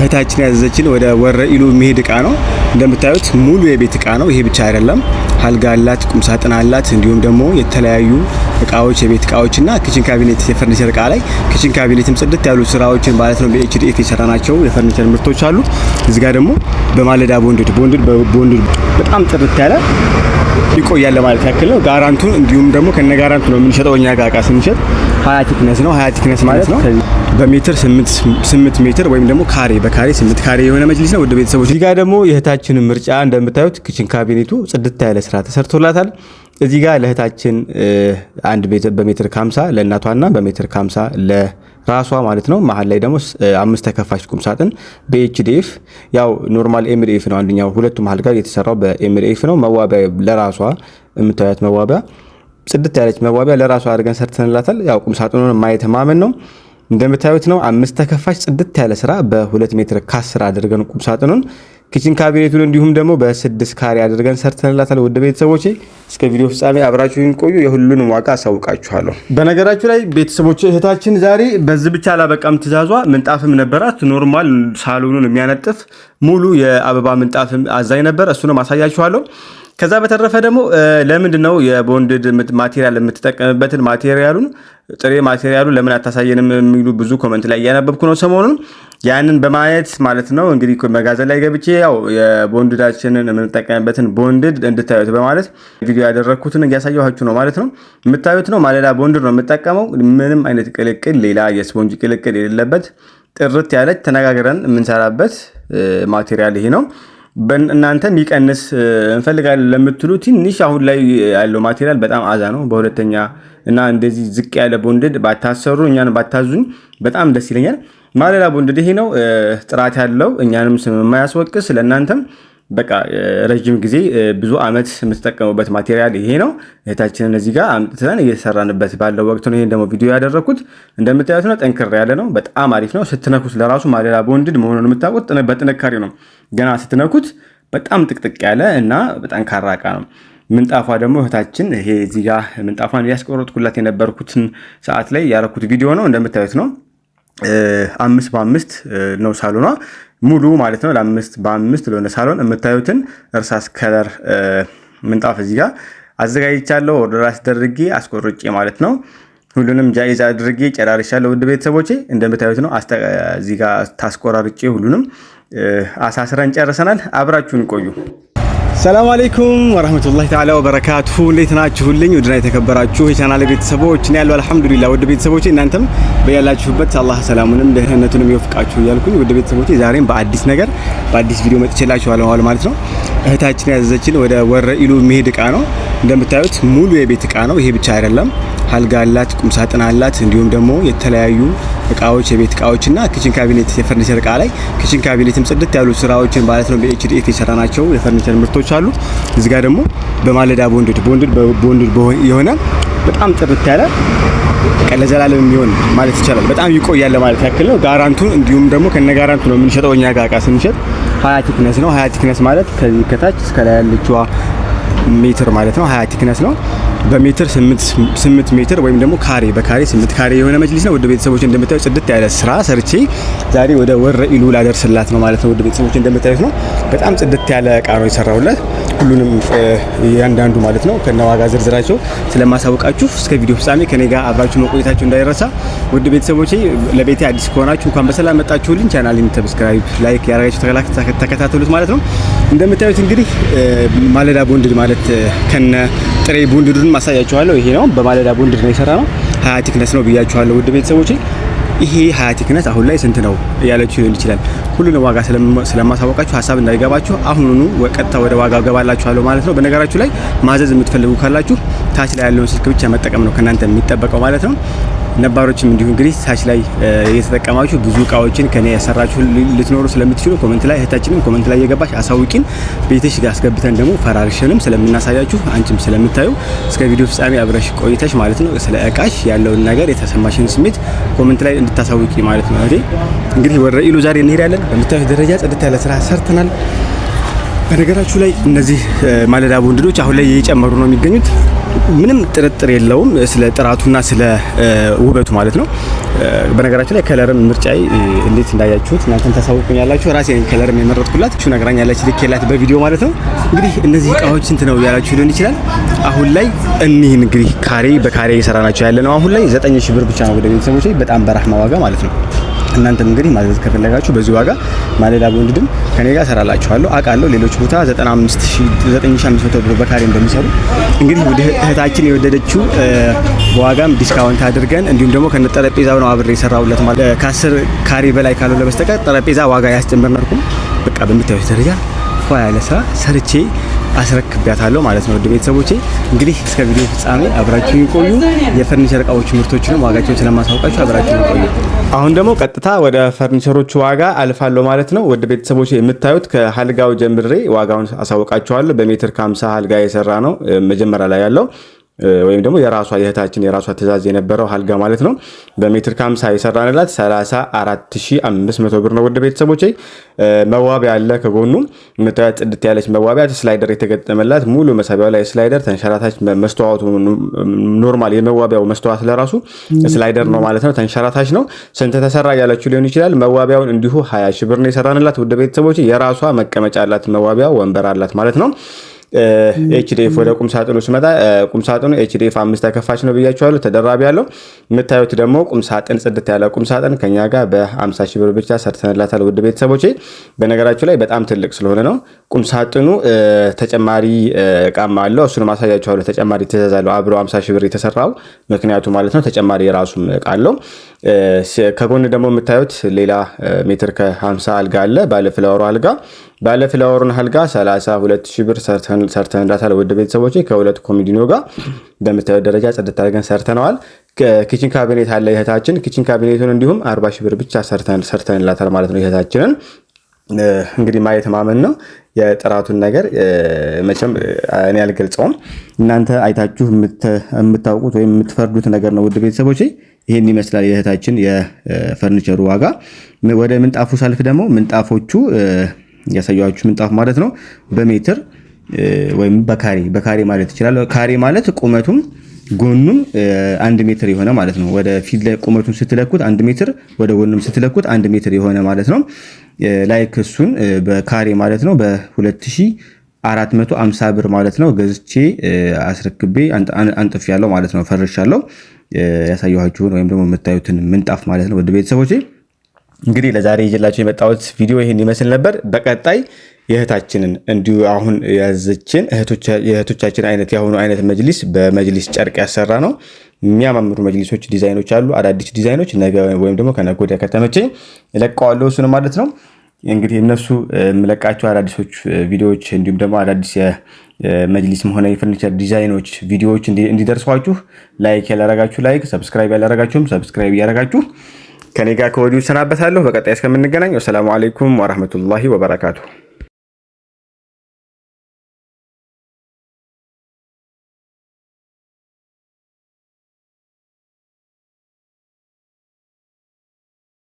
እህታችን ያዘዘችን ወደ ወረ ኢሉ የሚሄድ እቃ ነው። እንደምታዩት ሙሉ የቤት እቃ ነው። ይሄ ብቻ አይደለም፣ አልጋ አላት፣ ቁምሳጥን አላት። እንዲሁም ደግሞ የተለያዩ እቃዎች የቤት እቃዎችና ኪችን ካቢኔት የፈርኒቸር እቃ ላይ ኪችን ካቢኔትም ጽድት ያሉ ስራዎችን ማለት ነው በኤችዲኤፍ የሰራ ናቸው የፈርኒቸር ምርቶች አሉ። እዚህ ጋር ደግሞ በማለዳ ቦንድድ ቦንድድ ቦንድድ በጣም ጥርት ያለ ይቆያል ማለት ያክል ነው። ጋራንቱን እንዲሁም ደግሞ ከነ ጋራንቱ ነው የምንሸጠው እኛ ጋር እቃ ስንሸጥ ሀያ ቲክነስ ነው። ሀያ ቲክነስ ማለት ነው በሜትር ስምንት ሜትር ወይም ደግሞ ካሬ ካሬ ስምንት ካሬ የሆነ መጅሊስ ነው። ወደ ቤተሰቦች እዚህ ጋር ደግሞ የእህታችንን ምርጫ እንደምታዩት ክችን ካቢኔቱ ጽድት ያለ ስራ ተሰርቶላታል። እዚህ ጋር ለእህታችን አንድ በሜትር ካምሳ ለእናቷና በሜትር ካምሳ ለራሷ ማለት ነው። መሀል ላይ ደግሞ አምስት ተከፋች ቁም ሳጥን በኤችዲኤፍ ያው ኖርማል ኤምዲኤፍ ነው አንደኛው፣ ሁለቱ መሀል ጋር የተሰራው በኤምዲኤፍ ነው። መዋቢያ ለራሷ የምታዩት መዋቢያ ጽድት ያለች መዋቢያ ለራሷ አድርገን ሰርተንላታል። ያው ቁም ሳጥኑን ማየት ማመን ነው። እንደምታዩት ነው። አምስት ተከፋች ጽድት ያለ ስራ በሁለት ሜትር ካስር አድርገን ቁም ሳጥኑን ኪችን ካቢኔቱን እንዲሁም ደግሞ በስድስት ካሬ አድርገን ሰርተንላታል። ውድ ቤተሰቦቼ እስከ ቪዲዮ ፍጻሜ አብራችሁን ቆዩ። የሁሉንም ዋጋ አሳውቃችኋለሁ። በነገራችሁ ላይ ቤተሰቦች እህታችን ዛሬ በዚህ ብቻ አላበቃም። ትእዛዟ ምንጣፍም ነበራት። ኖርማል ሳሎኑን የሚያነጥፍ ሙሉ የአበባ ምንጣፍም አዛኝ ነበር። እሱንም አሳያችኋለሁ። ከዛ በተረፈ ደግሞ ለምንድን ነው የቦንድድ ማቴሪያል የምትጠቀምበትን ማቴሪያሉን ጥሬ ማቴሪያሉን ለምን አታሳየንም የሚሉ ብዙ ኮመንት ላይ እያነበብኩ ነው ሰሞኑን። ያንን በማየት ማለት ነው እንግዲህ መጋዘን ላይ ገብቼ ያው የቦንድዳችንን የምንጠቀምበትን ቦንድድ እንድታዩት በማለት ቪዲዮ ያደረግኩትን እያሳየኋችሁ ነው ማለት ነው። የምታዩት ነው ማለዳ ቦንድድ ነው የምጠቀመው። ምንም አይነት ቅልቅል፣ ሌላ የስፖንጅ ቅልቅል የሌለበት ጥርት ያለች ተነጋግረን የምንሰራበት ማቴሪያል ይሄ ነው። እናንተ የሚቀንስ እንፈልጋለን ለምትሉ ትንሽ አሁን ላይ ያለው ማቴሪያል በጣም አዛ ነው። በሁለተኛ እና እንደዚህ ዝቅ ያለ ቦንድድ ባታሰሩ እኛን ባታዙኝ በጣም ደስ ይለኛል። ማለላ ቦንድድ ይሄ ነው ጥራት ያለው እኛንም ስም የማያስወቅስ ለእናንተም በቃ ረዥም ጊዜ ብዙ አመት የምትጠቀሙበት ማቴሪያል ይሄ ነው። እህታችንን እዚህ ጋር አምጥተን እየሰራንበት ባለው ወቅት ነው ይሄን ደግሞ ቪዲዮ ያደረግኩት። እንደምታዩት ነው፣ ጠንክር ያለ ነው። በጣም አሪፍ ነው። ስትነኩት ለራሱ ማሌላ ቦንድድ መሆኑን የምታውቁት በጥንካሬ ነው። ገና ስትነኩት በጣም ጥቅጥቅ ያለ እና ጠንካራ እቃ ነው። ምንጣፏ ደግሞ እህታችን ይሄ እዚህ ጋር ምንጣፏን ያስቆረጥኩላት የነበርኩትን ሰዓት ላይ ያረኩት ቪዲዮ ነው። እንደምታዩት ነው። አምስት በአምስት ነው ሳሎኗ ሙሉ ማለት ነው ለአምስት በአምስት ለሆነ ሳሎን የምታዩትን እርሳስ ከለር ምንጣፍ እዚህ ጋር አዘጋጅቻለሁ። ኦርደር አስደርጌ አስቆርጬ ማለት ነው ሁሉንም ጃይዝ አድርጌ ጨራርሻለሁ። ውድ ቤተሰቦቼ እንደምታዩት ነው። እዚህ ጋር ታስቆራርጬ ሁሉንም አሳስረን ጨርሰናል። አብራችሁን ቆዩ። ሰላም አለይኩም ወራህመቱላሂ ተዓላ ወበረካቱሁ። እንዴት ናችሁልኝ? ውድና የተከበራችሁ የቻናል ቤተሰቦች እኔ ያለው አልሐምዱሊላህ። ውድ ቤተሰቦቼ እናንተም በያላችሁበት አላህ ሰላሙንም ደህንነቱንም ይወፍቃችሁ እያልኩኝ ውድ ቤተሰቦቼ ዛሬም በአዲስ ነገር በአዲስ ቪዲዮ መጥቼላችኋለሁ ማለት ነው። እህታችን ያዘዘችን ወደ ወረ ኢሉ የሚሄድ እቃ ነው። እንደምታዩት ሙሉ የቤት እቃ ነው። ይሄ ብቻ አይደለም፣ አልጋ አላት፣ ቁምሳጥን አላት። እንዲሁም ደግሞ የተለያዩ እቃዎች የቤት እቃዎችና ክችን ካቢኔት የፈርኒቸር እቃ ላይ ክችን ካቢኔትም ጽድት ያሉ ስራዎችን ማለት ነው። በኤችዲኤፍ የሰራ ናቸው የፈርኒቸር ምርቶች አሉ። እዚጋ ደግሞ በማለዳ ቦንድድ ቦንድድ የሆነ በጣም ጥርት ያለ ለዘላለም የሚሆን ማለት ይቻላል። በጣም ይቆያል ማለት ያክል ነው። ጋራንቱ እንዲሁም ደግሞ ከነ ጋራንቱ ነው የምንሸጠው እኛ ጋር እቃ ስንሸጥ ሀያ ቲክነስ ነው። ሀያ ቲክነስ ማለት ከዚህ ከታች እስከ ላይ ያለችዋ ሜትር ማለት ነው። ሀያ ቲክነስ ነው። በሜትር 8 ሜትር ወይም ደግሞ ካሬ በካሬ 8 ካሬ የሆነ መጅሊስ ነው። ውድ ቤተሰቦች እንደምታዩ ጽድት ያለ ስራ ሰርቼ ዛሬ ወደ ወረ ኢሉ ላደርስላት ነው ማለት ነው። ውድ ቤተሰቦች እንደምታዩት ነው። በጣም ጽድት ያለ እቃ ነው የሰራሁላት። ሁሉንም እያንዳንዱ ማለት ነው ከነ ዋጋ ዝርዝራቸው ስለማሳውቃችሁ እስከ ቪዲዮ ፍጻሜ ከኔ ጋር አብራችሁ መቆየታችሁ እንዳይረሳ። ውድ ቤተሰቦቼ ለቤቴ አዲስ ከሆናችሁ እንኳን በሰላም መጣችሁልኝ። ቻናሌን ሰብስክራይብ፣ ላይክ ያደረጋችሁ ተከታተሉት ማለት ነው። እንደምታዩት እንግዲህ ማለዳ ቦንድድ ማለት ከነ ጥሬ ቦንድዱ አሁንም ማሳያችኋለሁ። ይሄ ነው በማለዳ ቦንድድ ነው የሰራ ነው። ሀያ ቲክነስ ነው ብያችኋለሁ ውድ ቤተሰቦች። ይሄ ሀያ ቲክነስ አሁን ላይ ስንት ነው እያለችሁ ሊሆን ይችላል። ሁሉንም ዋጋ ስለማሳወቃችሁ ሀሳብ እንዳይገባችሁ አሁኑኑ ቀጥታ ወደ ዋጋው ገባላችኋለሁ ማለት ነው። በነገራችሁ ላይ ማዘዝ የምትፈልጉ ካላችሁ ታች ላይ ያለውን ስልክ ብቻ መጠቀም ነው ከእናንተ የሚጠበቀው ማለት ነው። ነባሮችም እንዲሁ እንግዲህ ታች ላይ የተጠቀማችሁ ብዙ እቃዎችን ከኔ ያሰራችሁ ልትኖሩ ስለምትችሉ ኮመንት ላይ እህታችንም ኮመንት ላይ እየገባች አሳውቂን። ቤትሽ ጋር አስገብተን ደግሞ ፈራርሸንም ስለምናሳያችሁ አንቺም ስለምታዩ እስከ ቪዲዮ ፍጻሜ አብረሽ ቆይተሽ ማለት ነው ስለ እቃሽ ያለውን ነገር የተሰማሽን ስሜት ኮመንት ላይ እንድታሳውቂ ማለት ነው። እንግዲህ ወደ ኢሉ ዛሬ እንሄዳለን። በምታዩት ደረጃ ጽድት ያለ ስራ ሰርተናል። በነገራችሁ ላይ እነዚህ ማለዳ ቦንድዶች አሁን ላይ እየጨመሩ ነው የሚገኙት። ምንም ጥርጥር የለውም ስለ ጥራቱና ስለ ውበቱ ማለት ነው። በነገራችሁ ላይ ከለርም ምርጫይ እንዴት እንዳያችሁት እናንተን ታሳውቁኛላችሁ። ራሴ ከለርም የመረጥኩላት እሱ ነግራኛለች፣ ልኬላት በቪዲዮ ማለት ነው። እንግዲህ እነዚህ እቃዎች ስንት ነው ያላችሁ ሊሆን ይችላል። አሁን ላይ እኒህን እንግዲህ ካሬ በካሬ እየሰራ ናቸው ያለ ነው። አሁን ላይ ዘጠኝ ሺህ ብር ብቻ ነው ወደ ቤተሰቦች፣ በጣም በራህማ ዋጋ ማለት ነው። እናንተም እንግዲህ ማዘዝ ከፈለጋችሁ በዚህ ዋጋ ማለዳ ቦንድድም ከኔ ጋር ሰራላችኋለሁ። አውቃለሁ ሌሎች ቦታ 9500 ብር በካሬ እንደሚሰሩ እንግዲህ ወደ እህታችን የወደደችው በዋጋም ዲስካውንት አድርገን እንዲሁም ደግሞ ከነ ጠረጴዛው ነው አብሬ የሰራውለት ማለት ከአስር ካሬ በላይ ካልሆነ በስተቀር ጠረጴዛ ዋጋ ያስጨምርናልኩም። በቃ በምታዩት ደረጃ ፏ ያለ ስራ ሰርቼ አስረክቢያታለሁ ማለት ነው። ውድ ቤተሰቦቼ እንግዲህ እስከ ቪዲዮ ፍጻሜ አብራችሁ ይቆዩ። የፈርኒቸር እቃዎች ምርቶችንም ዋጋቸው ስለማሳውቃችሁ አብራችሁ ይቆዩ። አሁን ደግሞ ቀጥታ ወደ ፈርኒቸሮቹ ዋጋ አልፋለሁ ማለት ነው። ውድ ቤተሰቦቼ የምታዩት ከአልጋው ጀምሬ ዋጋውን አሳውቃችኋለሁ። በሜትር ከ50 አልጋ የሰራ ነው መጀመሪያ ላይ ያለው ወይም ደግሞ የራሷ የእህታችን የራሷ ትእዛዝ የነበረው አልጋ ማለት ነው በሜትር ከሀምሳ የሰራንላት 34500 ብር ነው። ውድ ቤተሰቦች መዋቢያ አለ ከጎኑ የምታዩት ጽድት ያለች መዋቢያ ስላይደር የተገጠመላት ሙሉ መሳቢያው ላይ ስላይደር ተንሸራታች መስተዋቱ ኖርማል የመዋቢያው መስተዋት ለራሱ ስላይደር ነው ማለት ነው። ተንሸራታች ነው። ስንት ተሰራ ያለች ሊሆን ይችላል። መዋቢያውን እንዲሁ 20 ሺህ ብር ነው የሰራንላት። ውድ ቤተሰቦች የራሷ መቀመጫ አላት። መዋቢያ ወንበር አላት ማለት ነው። ኤችዲኤፍ ወደ ቁምሳጥኑ ስመጣ ቁምሳጥኑ ኤችዲኤፍ አምስት ተከፋች ነው ብያቸዋለሁ። ተደራቢ ያለው የምታዩት ደግሞ ቁምሳጥን ጽድት ያለ ቁምሳጥን ከኛ ጋር በአምሳ 50 ሺህ ብር ብቻ ሰርተንላታል። ውድ ቤተሰቦች በነገራችሁ ላይ በጣም ትልቅ ስለሆነ ነው። ቁምሳጥኑ ተጨማሪ እቃም አለው። እሱንም አሳያቸዋለሁ። ተጨማሪ ትእዛዝ አለው አብሮ አምሳ ሺህ ብር የተሰራው ምክንያቱ ማለት ነው። ተጨማሪ የራሱም እቃ አለው። ከጎን ደግሞ የምታዩት ሌላ ሜትር ከ50 አልጋ አለ። ባለፍላወሩ አልጋ ባለፍላወሩን አልጋ 32 ሺህ ብር ሰርተንላታል። ውድ ቤተሰቦች ከሁለት ኮሚዲኖ ጋር በምታዩት ደረጃ ጽድት አድርገን ሰርተነዋል። ኪችን ካቢኔት አለ። ይህታችን ኪችን ካቢኔቱን እንዲሁም 40 ብር ብቻ ሰርተንላታል ማለት ነው ይህታችንን እንግዲህ ማየት ማመን ነው። የጥራቱን ነገር መቼም እኔ አልገልጸውም። እናንተ አይታችሁ የምታውቁት ወይም የምትፈርዱት ነገር ነው። ውድ ቤተሰቦች ይህን ይመስላል የእህታችን የፈርኒቸሩ ዋጋ። ወደ ምንጣፉ ሳልፍ ደግሞ ምንጣፎቹ ያሳያችሁ ምንጣፍ ማለት ነው በሜትር ወይም በካሬ በካሬ ማለት ይችላል። ካሬ ማለት ቁመቱም ጎኑም አንድ ሜትር የሆነ ማለት ነው። ወደ ፊት ቁመቱን ስትለኩት አንድ ሜትር፣ ወደ ጎኑም ስትለኩት አንድ ሜትር የሆነ ማለት ነው። ላይክ እሱን በካሬ ማለት ነው በ2450 ብር ማለት ነው ገዝቼ አስረክቤ አንጥፍ ያለው ማለት ነው ፈርሽ ያለው ያሳየኋችሁን ወይም ደግሞ የምታዩትን ምንጣፍ ማለት ነው ወደ ቤተሰቦች እንግዲህ ለዛሬ ይዤላችሁ የመጣሁት ቪዲዮ ይህን ይመስል ነበር። በቀጣይ የእህታችንን እንዲሁ አሁን ያዘችን የእህቶቻችን አይነት የአሁኑ አይነት መጅሊስ በመጅሊስ ጨርቅ ያሰራ ነው። የሚያማምሩ መጅሊሶች ዲዛይኖች አሉ። አዳዲስ ዲዛይኖች ነገ ወይም ደግሞ ከነገ ወዲያ ከተመቸኝ እለቀዋለሁ እሱን ማለት ነው። እንግዲህ እነሱ የምለቃቸው አዳዲሶች ቪዲዮዎች እንዲሁም ደግሞ አዳዲስ የመጅሊስም ሆነ የፈርኒቸር ዲዛይኖች ቪዲዮዎች እንዲደርሷችሁ ላይክ ያላረጋችሁ ላይክ፣ ሰብስክራይብ ያላረጋችሁም ሰብስክራይብ እያረጋችሁ ከኔ ጋር ከወዲሁ ሰናበታለሁ። በቀጣይ እስከምንገናኝ ወሰላሙ አሌይኩም ወረህመቱላሂ ወበረካቱ።